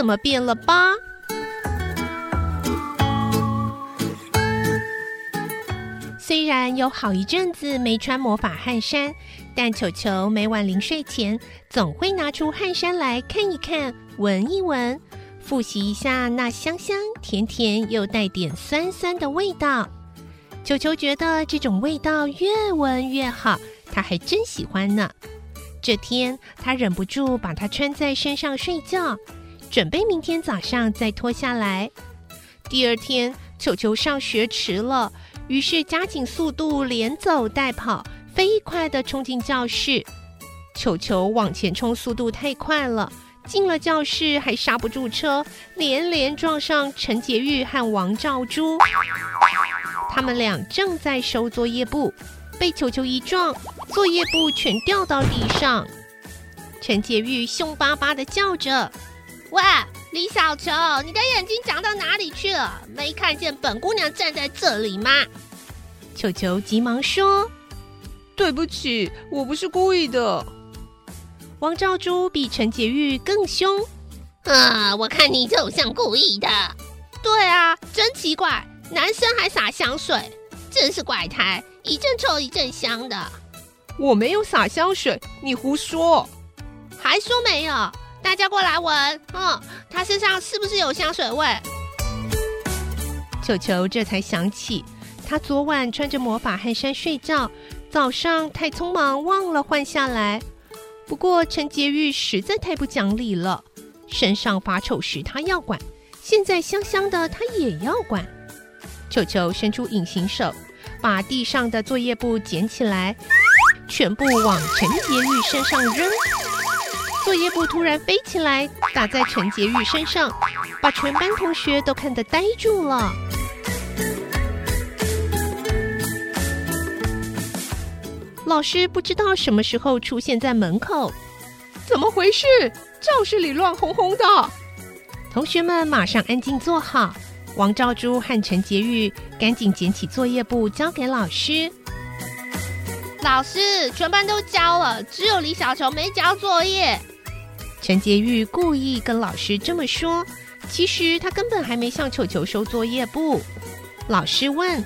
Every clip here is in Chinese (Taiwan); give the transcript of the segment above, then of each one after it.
怎麼變了8？雖然有好一陣子沒穿魔法汗衫，但裘裘每晚臨睡前，總會拿出汗衫來看一看，聞一聞，複習一下那香香甜甜又帶點酸酸的味道。裘裘覺得這種味道越聞越好，他還真喜歡呢！這天，他忍不住把它穿在身上睡覺。準備明天早上再脫下來。第二天，裘裘上學遲了，於是加緊速度，連走帶跑，飛快地衝進教室。裘裘往前衝，速度太快了，進了教室還剎不住車，連連撞上陳潔玉和王兆珠。他們倆正在收作業簿，被裘裘一撞，作業簿全掉到地上。陳潔玉凶巴巴的叫着。喂，李小裘，你的眼睛長到哪裡去了？沒看見本姑娘站在這裡嗎？裘裘急忙說：“對不起，我不是故意的。”王兆珠比陳杰玉更凶。啊，我看你就好像故意的。對啊，真奇怪，男生還撒香水，真是怪胎，一陣臭一陣香的。我沒有撒香水，你胡說。還說沒有。大家過來聞，嗯、哦，他身上是不是有香水味？裘裘這才想起，他昨晚穿着魔法汗衫睡覺，早上太匆忙忘了換下來。不過陳潔玉實在太不講理了，身上發臭時他要管，現在香香的他也要管。裘裘伸出隱形手，把地上的作業布撿起來，全部往陳潔玉身上扔。作業簿突然飛起來，打在陳潔玉身上，把全班同學都看得呆住了。老師不知道什麼時候出現在門口，怎麼回事？教室裡亂哄哄的。同學們馬上安靜坐好。王兆珠和陳潔玉趕緊撿起作業簿，交給老師。老師，全班都交了，只有李小球沒交作業。陳潔玉故意跟老師這麼說，其實他根本還沒向球球收作業簿。老師問：“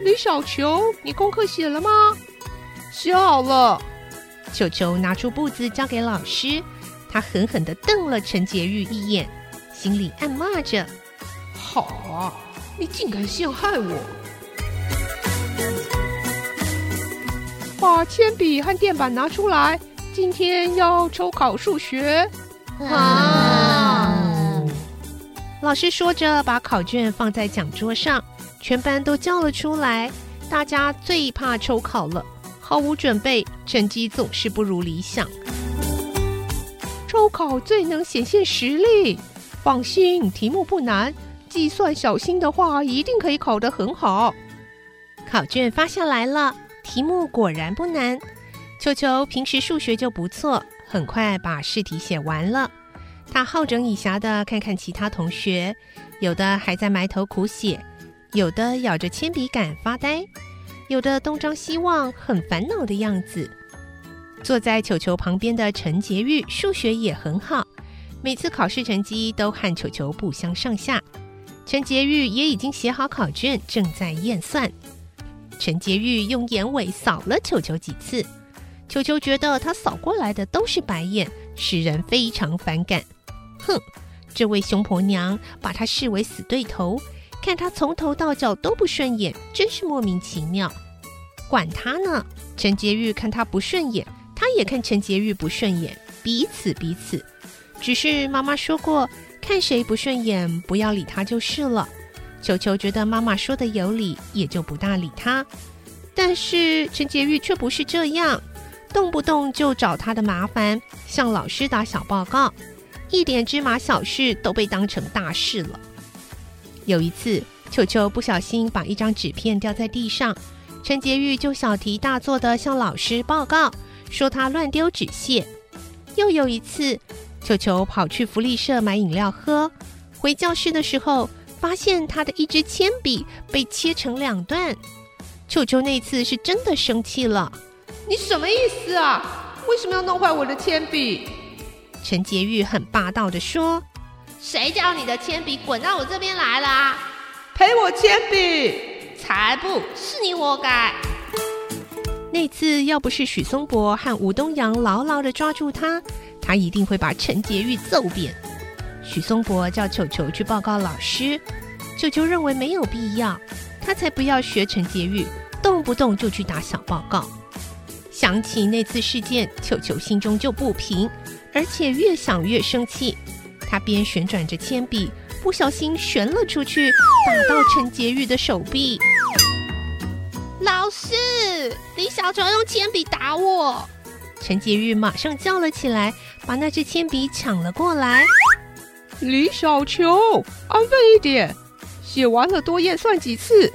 李小球，你功課寫了嗎？”“寫好了。”球球拿出簿子交給老師，他狠狠的瞪了陳潔玉一眼，心裡暗罵着：“好啊，你竟敢陷害我！”把鉛筆和墊板拿出來，今天要抽考數學。好、啊，老師說着，把考卷放在講桌上，全班都叫了出來。大家最怕抽考了，毫無準備，成績總是不如理想。抽考最能顯現實力，放心，題目不難，計算小心的話，一定可以考得很好。考卷發下來了。題目果然不難，裘裘平時數學就不錯，很快把試題寫完了。他好整以暇地看看其他同學，有的還在埋頭苦寫，有的咬着鉛筆桿發呆，有的東張西望，很煩惱的樣子。坐在裘裘旁邊的陳潔玉數學也很好，每次考試成績都和裘裘不相上下。陳潔玉也已經寫好考卷，正在驗算。陳潔玉用眼尾掃了球球幾次，球球覺得他掃過來的都是白眼，使人非常反感。哼，這位凶婆娘把她視為死對頭，看她從頭到腳都不順眼，真是莫名其妙。管他呢，陳潔玉看他不順眼，他也看陳潔玉不順眼，彼此彼此。只是媽媽說過，看誰不順眼，不要理他就是了。球球覺得媽媽說的有理，也就不大理他。但是陳潔玉卻不是這樣，動不動就找他的麻煩，向老師打小報告，一點芝麻小事都被當成大事了。有一次，裘裘不小心把一張紙片掉在地上，陳潔玉就小題大做地向老師報告，說他亂丟紙屑。又有一次，裘裘跑去福利社買飲料喝，回教室的時候，發現他的一支鉛筆被切成兩段，裘裘那次是真的生氣了。你什麼意思啊？為什麼要弄壞我的鉛筆？陳潔玉很霸道地說：“誰叫你的鉛筆滾到我這邊來了？賠我鉛筆！才不是你活該！那次要不是許松柏和吳東陽牢牢地抓住他，他一定會把陳潔玉揍扁。”許松博叫裘裘去報告老師，裘裘認為沒有必要，他才不要學陳潔玉，動不動就去打小報告。想起那次事件，裘裘心中就不平，而且越想越生氣。他邊旋轉着鉛筆，不小心旋了出去，打到陳潔玉的手臂。老師，李小裘用鉛筆打我！陳潔玉馬上叫了起來，把那支鉛筆搶了過來。李小球，安分一點，寫完了多驗算幾次。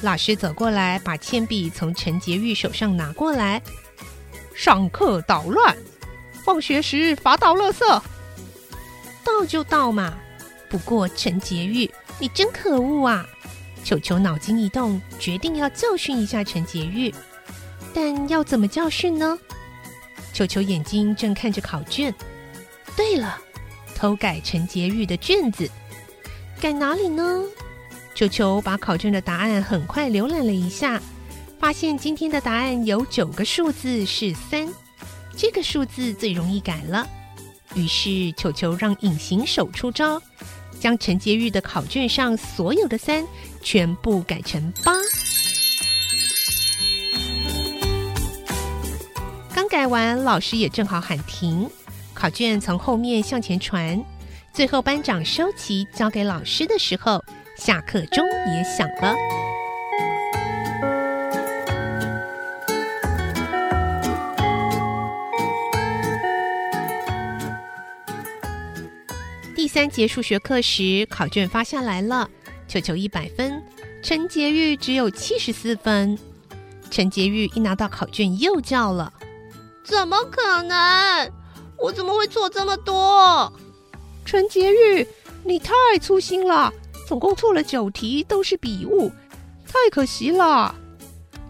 老師走過來，把鉛筆從陳潔玉手上拿過來。上課搗亂，放學時罰倒垃圾。倒就倒嘛，不過陳潔玉，你真可惡啊！球球腦筋一動，決定要教訓一下陳潔玉。但要怎麼教訓呢？球球眼睛正看着考卷。對了。偷改陳潔玉的卷子，改哪裡呢？裘裘把考卷的答案很快瀏覽了一下，發現今天的答案有九個數字是三，這個數字最容易改了。於是裘裘讓隱形手出招，將陳潔玉的考卷上所有的三全部改成八。剛改完，老師也正好喊停。考卷從後面向前傳，最後班長收齊交給老師的時候，下課鐘也響了。第三節數學課時，考卷發下來了，裘裘一百分，陳潔玉只有七十四分。陳潔玉一拿到考卷又叫了：“怎麼可能？”我怎麼會錯這麼多？陳潔玉，你太粗心了，總共錯了九題，都是筆誤，太可惜了。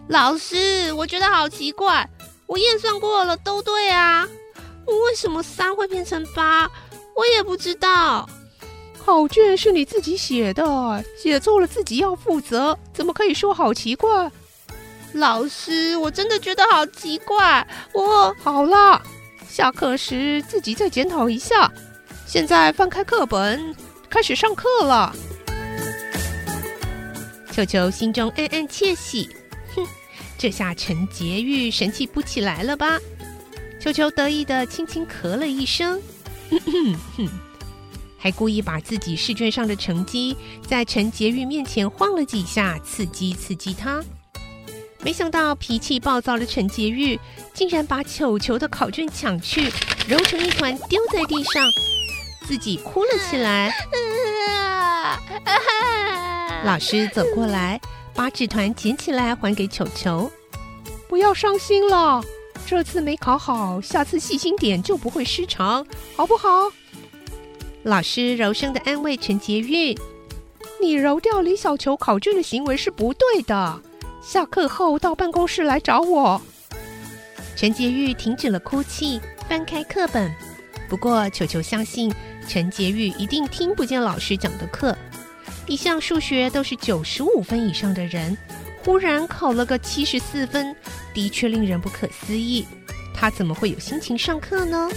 老師，我覺得好奇怪，我驗算過了都對啊，為什麼三會變成八？我也不知道。考卷是你自己寫的，寫錯了自己要負責，怎麼可以說好奇怪？老師，我真的覺得好奇怪。我好了。下課時自己再檢討一下。現在翻開課本，開始上課了。裘裘心中暗暗竊喜，哼，這下陳潔玉神氣不起來了吧？裘裘得意的輕輕咳了一聲，哼，哼哼，還故意把自己試卷上的成績在陳潔玉面前晃了幾下，刺激刺激他。沒想到脾氣暴躁的陳潔玉竟然把球球的考卷搶去，揉成一團丟在地上，自己哭了起來。 老師走過來，把紙團撿起來還給球球。 不要傷心了，這次沒考好，下次細心點就不會失常，好不好？老師柔聲的安慰陳潔玉：“你揉掉李小球考卷的行為是不對的。”下課後到辦公室來找我。陳潔玉停止了哭泣，翻開課本。不過裘裘相信，陳潔玉一定聽不見老師講的課。一向數學都是九十五分以上的人，忽然考了個七十四分，的確令人不可思議。他怎麼會有心情上課呢？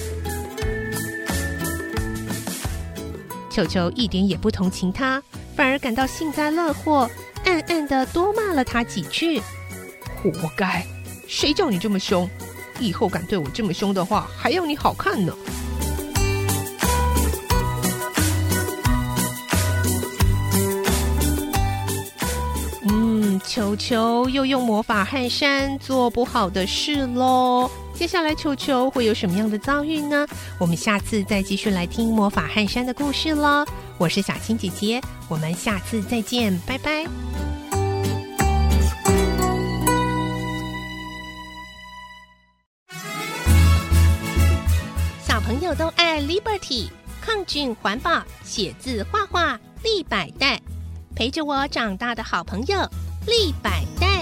裘裘一點也不同情他，反而感到幸災樂禍。暗暗的多罵了他幾句，活該！誰叫你這麼凶？以後敢對我這麼凶的話，還要你好看呢！嗯，裘裘又用魔法汗衫做不好的事嘍。接下來裘裘會有什麼樣的遭遇呢？我們下次再繼續來聽魔法汗衫的故事嘍。我是小青姐姐，我們下次再見，拜拜。小朋友都愛 Liberty，抗菌環保，寫字畫畫，立利百代，陪着我長大的好朋友，利百代。